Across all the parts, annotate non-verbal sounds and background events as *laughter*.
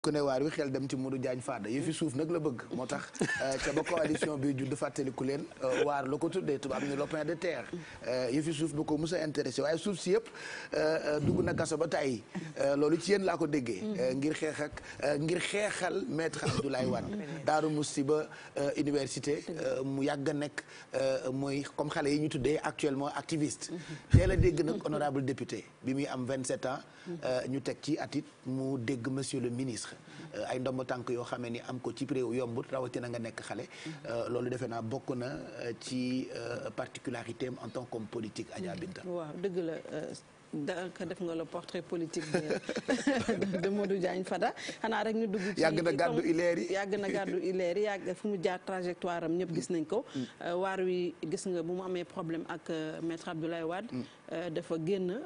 ku ne waar wi xel dem ci Modou Diagne Fada yëfi suuf nag la bëgg moo tax euh, ca ba coalition bi judd fàttaliku leen euh, waar la ko tuddee tubaab ni lopin de terre euh, yëfi suuf bu ko mos a waaye suuf si yëpp dugg na kaso ba tàyyi loolu ci yéen laa ko déggee ngir xeex ak ngir xeexal maître Abdoulaye Wade Daaru Musti ba université mu yàgg a nekk mooy comme xale yi ñu tuddee actuellement activiste teel a dégg nag honorable député bi muy am vingt-sept ans ñu teg tax euh, ay ndomb tànk yoo xamee ni am ko ci réew yombut rawatina nga nekk xale euh, loolu defe naa bokk na euh, ci particularité am en tant qu'homme politique Adja Binta waaw dëgg la def nga le portrait politique de *laughs* de Fada xanaa rek ñu dugg ci yàgg na yàgg na gàddu ileer fu mu jaar trajectoire am ñëpp gis nañ ko mm. waar wi gis nga bu mu amee problème ak maître Abdoulaye Wade mm. dafa génn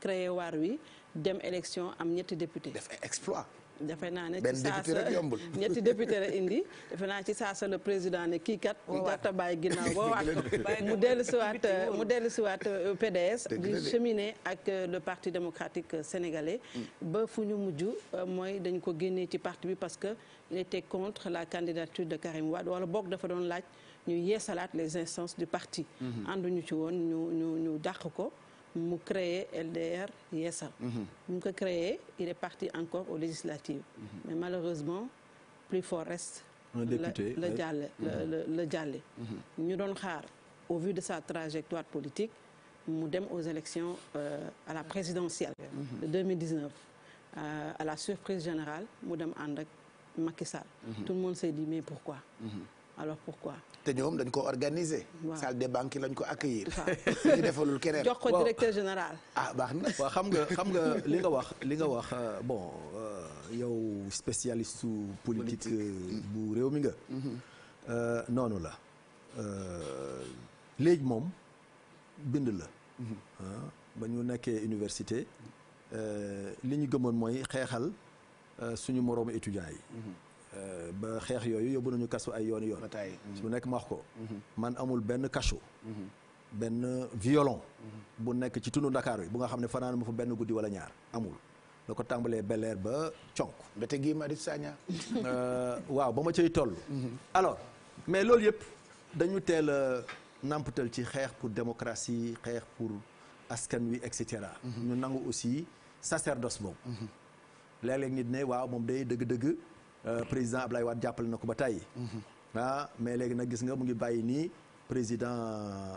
créer waar wi dem élection am ñetti député def exploit defe naa ne ci saasa *laughs* ñetti député la indi defe naa ci saasa le président ne kii kat kii boo waat mu dellu siwaat mu dellu siwaat euh, PDS di cheminer ak euh, le parti démocratique euh, sénégalais mm. ba fu ñu mujj mooy dañ ko génnee ci parti bi parce que il était contre la candidature de Karim Wade wala boog dafa doon laaj ñu yeesalaat les instances du parti mm-hmm. ànduñu ci woon ñu ñu dàq ko mu créer LDR Yessal mhm. mu ko créer il est parti encore aux législatives mhm. mais malheureusement plus fort reste un député la jàlle mhm. la jàlle ñu doon xaar au vu de sa trajectoire politique mu dem aux élections euh, à la présidentielle de 2019 euh, à la surprise générale mu dem ànd ak Macky Sall tout le monde s'est dit mais pourquoi alors pourquoi. te ñoom dañ ko organiser. waaw salle des banques lañ ko accueillir. waaw *laughs* ñu defalul keneen. jox ko directeur général. ah baax na. waaw xam nga xam nga li nga wax li nga wax euh, bon euh, yow spécialist su politique euh, bu réew mi nga. Mm-hmm. noonu la léegi moom bind la. Mm-hmm. Ah, ba ñu nekkee université li ñu gëmoon mooy xeexal suñu moroomu étudiants yi. Mm-hmm. ba xeex yooyu yóbbu nañu kaso ay yoon yoon mhm. su nekk ma wax ko mhm. man amul benn cachot mhm. benn violon bu nekk ci tunu ndakaar yi bu nga xam ne fanaan ma fa benn guddi wala ñaar amul la ko tàmbalee Bel-Air ba conk ba te Guy Marius Sagna *laughs* euh, waaw ba ma cay toll alors mais loolu yëpp dañu teel a namputal ci xeex pour démocratie xeex pour askan wi et cetera ñu nangu aussi sacerdoce boobu léeg nit ne waaw moom day dëgg-dëgg Euh, président Ablaye Wade jàppale na ko ba tey. Mhm. ah mais léegi nag gis nga mu ngi bàyyi nii président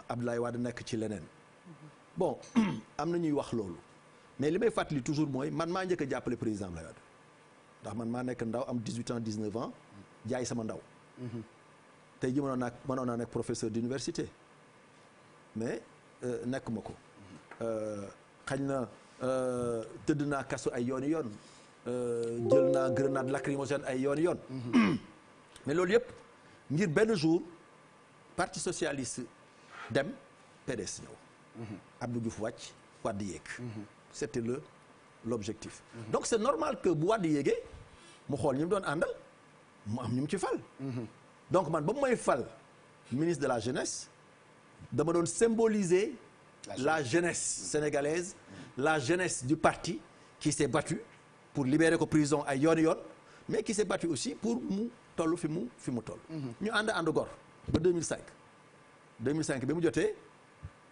Abdoulaye Wade nekk ci leneen. Mhm. bon *clears throat* am na ñuy wax loolu. mais li may fàttali toujours mooy man maa njëkk a jàppale président Abdoulaye Wade ndax man maa nekk ndaw am 18 ans 19 ans jaay sama ndaw. Mhm. tey ji mënoon naa mënoon naa nekk professeur d'université mais euh, nekk ma ko. Euh, xañ na tëdd naa kasu ay yooni yoon. Euh, jël naa grenade lacrymogène ay yoon yoon mm-hmm. mais loolu yëpp ngir benn jour parti socialiste dem PDS ñëw mm-hmm. Abdou Diouf wàcc Wade yéeg mm-hmm. c'était le l'objectif donc c'est normal que bu Wade yéegee mu xool ñu mu doon àndal mu am ñu mu ci fal donc man ba mooy fal ministre de la jeunesse dama doon symboliser la jeunesse sénégalaise la jeunesse du parti qui s'est battue pour libérer ko prison ay yoon yoon mais qui s'est battu aussi pour mu toll fi mu fi mu toll. Mhm. ñu ànd ànd gor ba 2005. 2005 bi mu jotee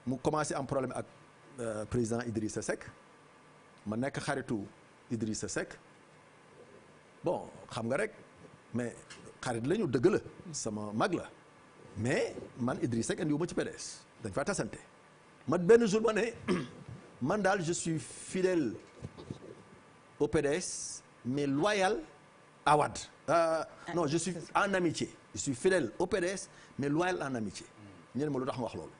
mu commencé am problème ak euh, président sa Seck ma nekk xaritu Idrissa Seck bon xam nga rek mais xarit la ñu dëgg la sama mag la mais man Idrissa Seck andiwuma ci PDS dañ faa tasante man benn jour ma ne *clears throat* man daal je suis fidèle au PDS mais loyal à Wade euh, ah, non je suis en amitié je suis fidèle au PDS mais loyal en amitié ñu ne ma lu tax nga wax loolu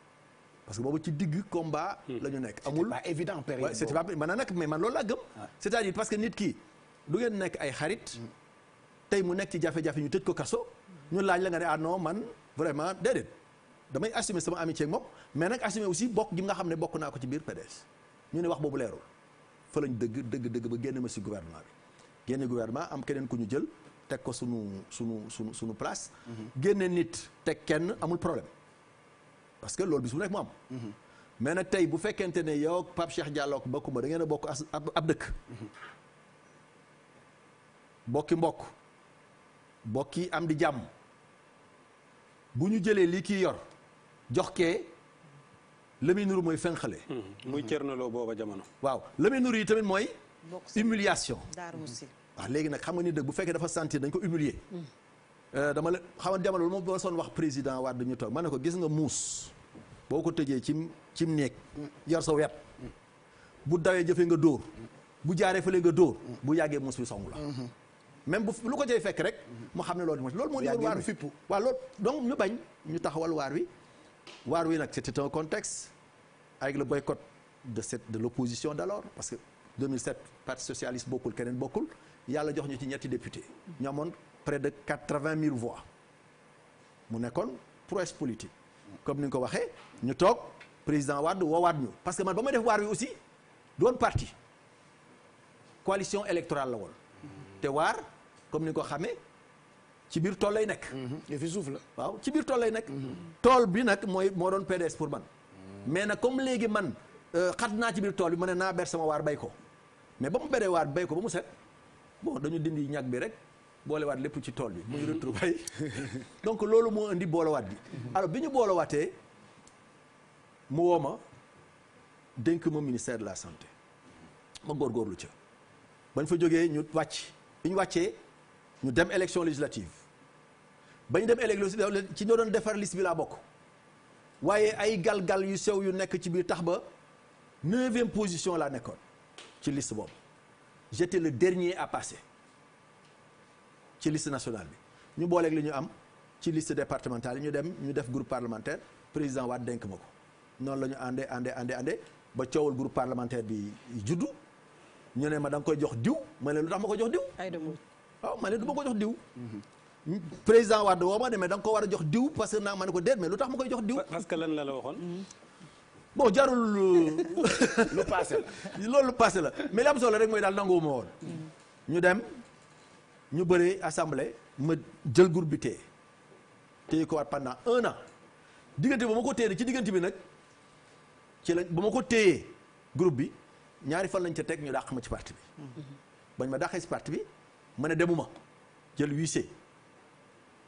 parce que boobu ci digg combat hmm. la ñu nekk amul pas évident période c'était pas man mais man loolu laa gëm c'est-à-dire parce que nit ki du ngeen nekk ay xarit hmm. tey mu nekk ci jafe-jafe ñu tëj ko kaso ñu laaj la nga ne ah non man vraiment déedéet damay assumer sama amitié ak moom mais nag assumer aussi bokk gi nga xam ne bokk naa ko ci biir PDS ñu ne wax boobu leerul fa lañ dëgg dëgg dëgg ba génne ma si gouvernement bi génne gouvernement am keneen ku ñu jël teg ko sunu sunu sunu sunu place. Mhm. génne nit teg kenn amul problème parce que loolu bis bu nekk mu am. Mhm. mais nag tey bu fekkente ne yow ak Pape Cheikh Diallo bokkuma da ngeen a bokk as ab dëkk. Mhm. bokki mbokk bokki am di jàmm bu ñu jëlee lii kii yor jox kee la hmm. muy nuru mooy fenqale. muy loo booba jamono. waaw la muy nuru yi tamit mooy. humiliation waaw léegi nag xam nga ni dëgg bu fekkee dafa sentir dañ ko humilier hmm. euh, dama la xam nga jamono lu ma ba soon wax président Wade ñu toog ma ko gis nga muus boo ko tëjee cim cim néeg yor wet bu dawee jëfee nga dóor bu jaaree fële nga dóor bu yàggee muus bi song la hmm. même lu ko jëy fekk rek mu xam ne loolu di loolu moo yor waar wi waaw loolu donc ñu bañ ñu taxawal waar wi waar wi nag c'était un contexte avec le boycott de cette de l'opposition d'alors parce que 2007 parti socialiste bokkul keneen bokkul yàlla jox ñu ci ñetti député ñu amoon près de quatre-vingt mille voix mu nekkoon prouesse politique comme ni nga ko waxee ñu toog président Wade woowaat ñu parce que man ba ma def waar wi aussi du parti coalition électorale la woon te waar comme ni nga ko xamee ci biir tool lay nekk. Mm-hmm. fi suuf la waaw ci biir tool lay nekk. tool bi nag mooy moo doon PDS pour man. mais nag comme léegi man euh, xat naa ci biir tool bi ma ne naa ber sama waar bay ko mais ba mu beree waar bay ko ba mu set bon dañu dindi ñag bi rek boolewaat lépp ci tool bi muy retrouvaille *laughs* donc loolu moo indi boole waat bi alors bi ñu boolewaatee mu woo ma dénk ma ministère de la santé ma góorgóorlu ca bañ fa jógee ñu wàcc bi ñu wàccee ñu dem élection législative bañ dem élection ci ñoo doon defar liste bi laa bokk waaye ay galgal yu sew yu nekk ci biir tax ba neuvième position laa nekkoon ci list boobu j'étais le dernier à passer ci liste nationale bi ñu booleeg li ñu am ci liste départementale yi ñu dem ñu def groupe parlementaire président Wade denk ma ko noonu la ñu àndee àndee àndee àndee ba coowal groupe parlementaire bi juddu ñu ne ma da koy jox diw ma ne lu tax ma ko jox diw. waaw ma ne du ko jox diw. Mhm. président Wade woo ma demee danga ko war a jox diw parce que naa ma ko déet mais lu tax ma koy jox diw. parce que lan la la waxoon. bon jarul euh, *laughs* lu paase la loolu lu paase la mais am solo rek mooy daal nanguwuma woon. ñu dem ñu bëree assemblée ma jël group bi téye téye ko waat pendant un an diggante ba ma ko téye ci diggante bi nag ci lañ ba ma ko téyee groupe bi ñaari fan lañ ca teg ñu dàq ma ci parti bi. Mm-hmm. bañ ma dàqee ci parti bi ma ne demuma jël huissier.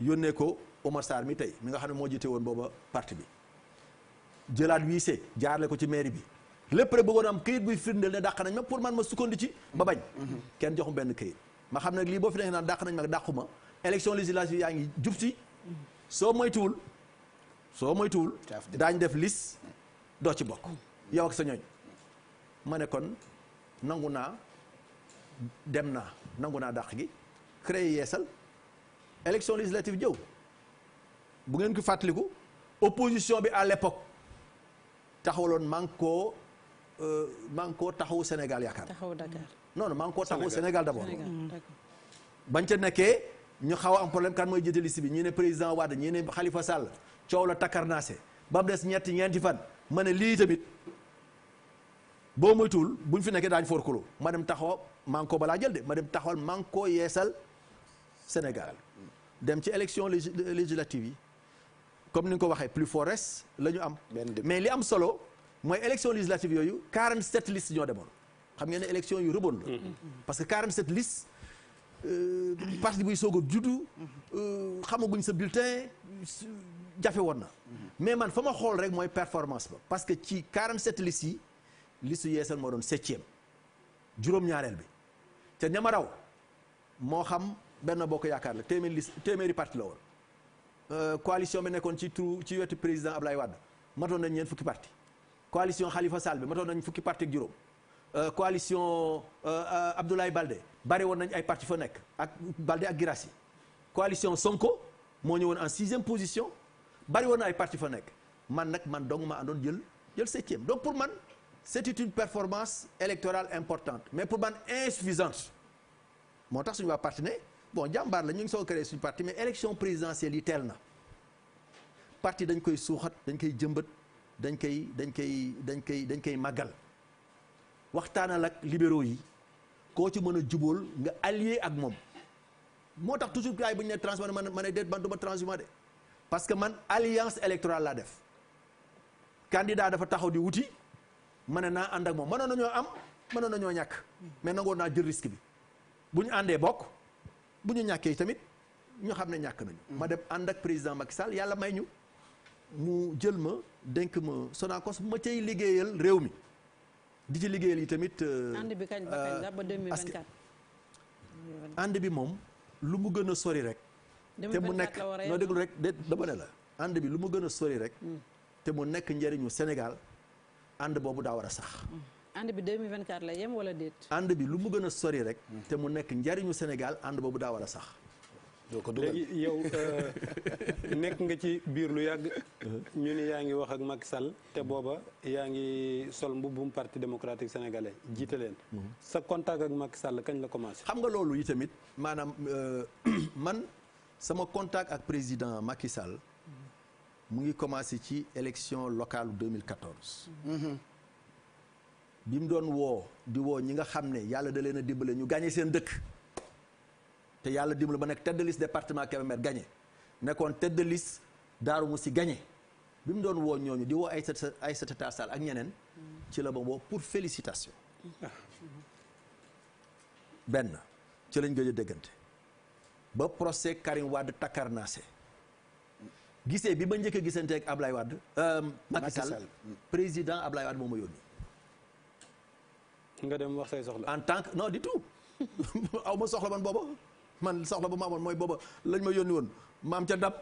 yónnee ko Omar Sarr mi tey mi nga xam ne moo jiite woon booba parti bi jëlaat huissier jaarle ko ci mairie bi lépp rek bëggoon am këyit buy firndeel ne dàq nañ ma pour man ma sukkandi ci ba bañ mhm. kenn joxum benn këyit ma xam ne lii boo fi nekk naa dàq nañ ma dàqu ma élection législative yaa ngi jub si mhm. soo moytuwul soo moytuwul daañ def liste doo ci bokk yow ak sa ñooñ ma ne kon nangu naa dem naa nangu naa dàq gi créé yeesal élection législative jëw bu ngeen ki fàttaliku opposition bi à l'époque taxawaloon Manko euh, Manko taxawu Sénégal yaakaar. taxawu Dakar non non Manko taxawu Sénégal d'abord. Mm. bañ ca nekkee ñu xaw a am problème kan mooy jiite liste bi ñii ne président Wade ñii ne Khalifa Sall coow la takkarnaase ba mu des ñetti ñeenti fan ma ne lii tamit boo moytuwul buñ fi nekkee daañu forkuloo ma dem taxaw Manko balaa jël de ma dem taxawal Manko yeesal Sénégal. dem ci élection législative yi comme ni nga ko waxee plus fort reste la am. mais li am solo mooy élection législative yooyu 47 listes ñoo demoon xam ngeen ne élection yu rëboon la. Mm-hmm. parce que 47 listes euh, parti buy soog a juddu euh, xamaguñ sa bulletin jafe woon na. Mm-hmm. mais man fa ma xool rek mooy performance ba parce que ci 47 listes yi liste Yeesal moo doon septième juróom-ñaareel bi te ñama moo xam. benn bokk yaakaar la téeméeri liste téeméeri parti la woon euh, coalition bi nekkoon ci trou ci wetu président lay Wade matoon nañ ñeent fukki parti coalition Khalifa Sall bi matoon nañ fukki parti ak juróom euh, coalition euh, Abdoulaye Balde bari woon nañ ay parti fa nekk ak Balde ak Girassi coalition Sonko moo ñëwoon en sixième position bari woon na ay parti fa nekk man nag man dong ma àndoon jël jël septième donc pour man c'est une performance électorale importante mais pour man insuffisante moo tax suñu waa parti bon jàmbaar la ñu ngi soo créé suñu parti mais élection présidentielle yi teel na parti dañ koy suuxat dañ koy jëmbat dañ koy dañ koy dañ koy dañ koy màggal waxtaanal ak libéro yi koo ci mën a jubóol nga allié ak moom moo tax toujours gars bu ñu nee transhumant man ma ne déet man du ma transhumant de parce que man alliance électorale laa def candidat dafa taxaw di wuti ma ne naa ànd ak moom mënoon nañoo am mënoon nañoo ñàkk mais nangoon naa jël risque bi bu ñu àndee bokk. bu ñu ñàkkee tamit ñu xam ne ñàkk nañu. ma dem ànd ak président Macky Sall yàlla may ñu mu jël ma dénk ma Sonacos ma cay liggéeyal réew mi di ci liggéeyal yi tamit. Euh, ànd bi kañ ànd bi moom lu mu gën a sori rek. te mu nekk ñoo déglu rek de dama la ànd bi lu mu gën sori rek. Hmm. te mu nekk njëriñu Sénégal ànd boobu daa war a sax. Hmm. ànd bi 2024 la yem wala déet. ànd bi lu mu gën a sori rek. te mu nekk njariñu Sénégal ànd boobu daa war a sax. doo ko euh, nekk nga ci biir lu yàgg. ñu ni yaa ngi wax ak Macky Sall te booba yaa ngi sol mbubbum parti démocratique sénégalais jiite leen. Mhm. sa contact ak Macky Sall kañ la commencé. xam nga loolu yi tamit maanaam euh, *clears throat* man sama contact ak président Macky mu ngi commencé ci élection locale 2014. bi mu doon woo di woo ñi nga xam ne yàlla da leen a dimbale ñu gagné seen dëkk te yàlla dimbale ba nekk tête de liste département Kébémer gagné nekkoon tête de liste Darou Moussi gagné bi mu doon woo ñooñu di woo sa Aïssata Tall Sall ak ñeneen ci la ba woo pour félicitation benn ci lañ gëj a déggante ba procès Karim Wade takkarnaase gisee bi ba njëkk a gisante ak Ablaye Wade euh, Macky Sall président Ablaye Wade moo ma yónni nga dem wax say soxla. en tant que non di tout *laughs* aw ma soxla man booba man soxla ba ma amoon mooy booba lañ ma yónni woon ma am ca dab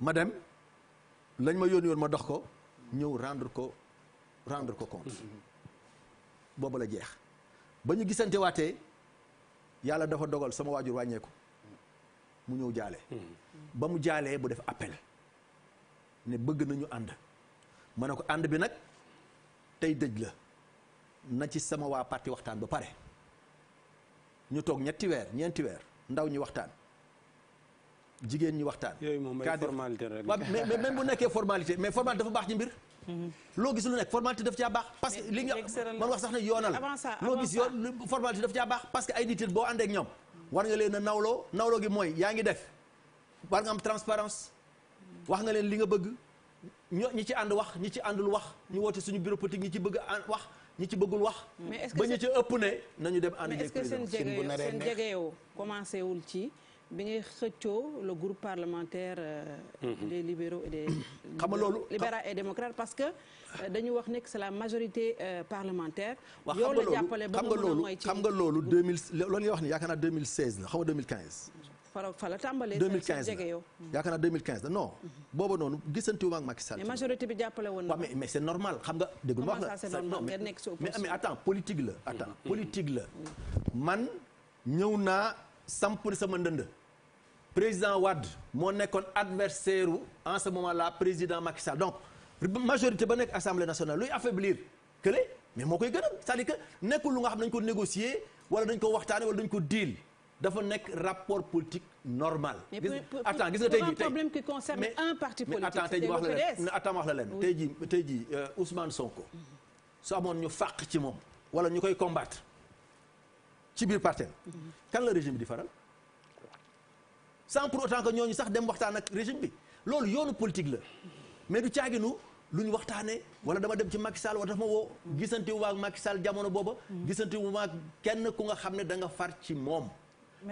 ma dem lañ ma yónni woon ma dox ko ñëw rendre ko rendre ko compte *laughs* booba la jeex ba ñu gisante waatee yàlla dafa dogal sama waajur wàññeeku mu ñëw jaale. Hmm. ba mu jaalee bu def appel ne bëgg nañu ànd ma ne ko ànd bi nag tey dëj la. na ci sama waa parti waxtaan ba pare ñu toog ñetti weer ñeenti weer ndaw ñi waxtaan jigéen ñi waxtaan. yooyu moom ay formalité rek mais même bu nekkee formalité mais formalité dafa baax ci mbir. Mhm. loo gis lu nekk formalité daf caa baax. parce que li nga man wax sax ne yoonal. avant ça loo gis yoon formalité daf caa baax parce que ay nit boo àndee ñoom. war nga leen a nawloo nawloo gi mooy yaa ngi def war nga am transparence wax nga leen li nga bëgg ñoo ñi ci ànd wax ñi ci ànd lu wax ñu woote suñu bureau politique ñi ci bëgg a wax. ñi ci bëggul wax. ba ñi ci ëpp ne nañu dem. ànd jeeg président mais est-ce que seen jege yow commencé wul ci bi ngay xëccoo le groupe parlementaire. Euh, mhm. des libéraux et des. *coughs* xam nga loolu libéraux et démocrates parce que euh, dañu wax ne que la majorité euh, parlementaire. yow la jàppale ba nga mën a mooy ci xam nga loolu xam nga loolu deux mille loolu nga wax ni yaakaar naa la xam fa fa la tàmbalee. 2015 jege yow hmm. yaakaar naa 2015 non. Hmm. booba noonu gisantewu ma ak Macky Sall. mais majorité bi jàppale woon na. mais mais c'est normal xam nga. dégg nga wax la c'est normal ngeen nekk si la. Hmm. man ñëw naa sampul sama ndënd. président Wade moo nekkoon adversaire u en ce moment la président Macky Sall donc majorité ba nekk assemblée nationale luy affaiblir kële mais moo koy gënal c'est-à-dire nekkul lu nga xam dañ ko négocier wala dañ ko waxtaane wala dañ ko deal dafa nekk rapport politique normal. mais pour attends gis nga tey jii tey problème qui concerne un parti politique. mais attends tey jii wax la leen attends wax la leen tey jii tey jii euh, Ousmane Sonko. su amoon ñu fàq ci moom. wala ñu koy combattre ci biir parti mhm. kan la régime bi di faral sans pour autant que ñooñu sax dem waxtaan ak régime bi loolu yoonu politique la mais du caaginu lu ñu waxtaanee wala dama dem ci Macky Sall wala dafa mhm. ma woo. gisante wu ak Macky Sall jamono booba. Mhm. gisante wu ma kenn ku nga xam ne da nga far ci moom.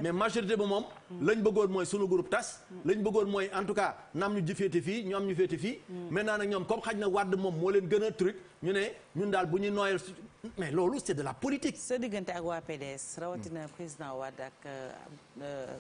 mais majorité bu moom lañ bëggoon mooy sunu groupe tas lañ bëggoon mooy en tout cas na am ñu jiféete fii ñu am ñu féete fii mm. maintenant nag ñoom comme xaj na wàdd moom moo leen gën a truc ñu ne ñun daal bu ñuy nooyal mais loolu c'est de la politique sa diggante ak waa PDS rawatina président Wade ak euh, euh,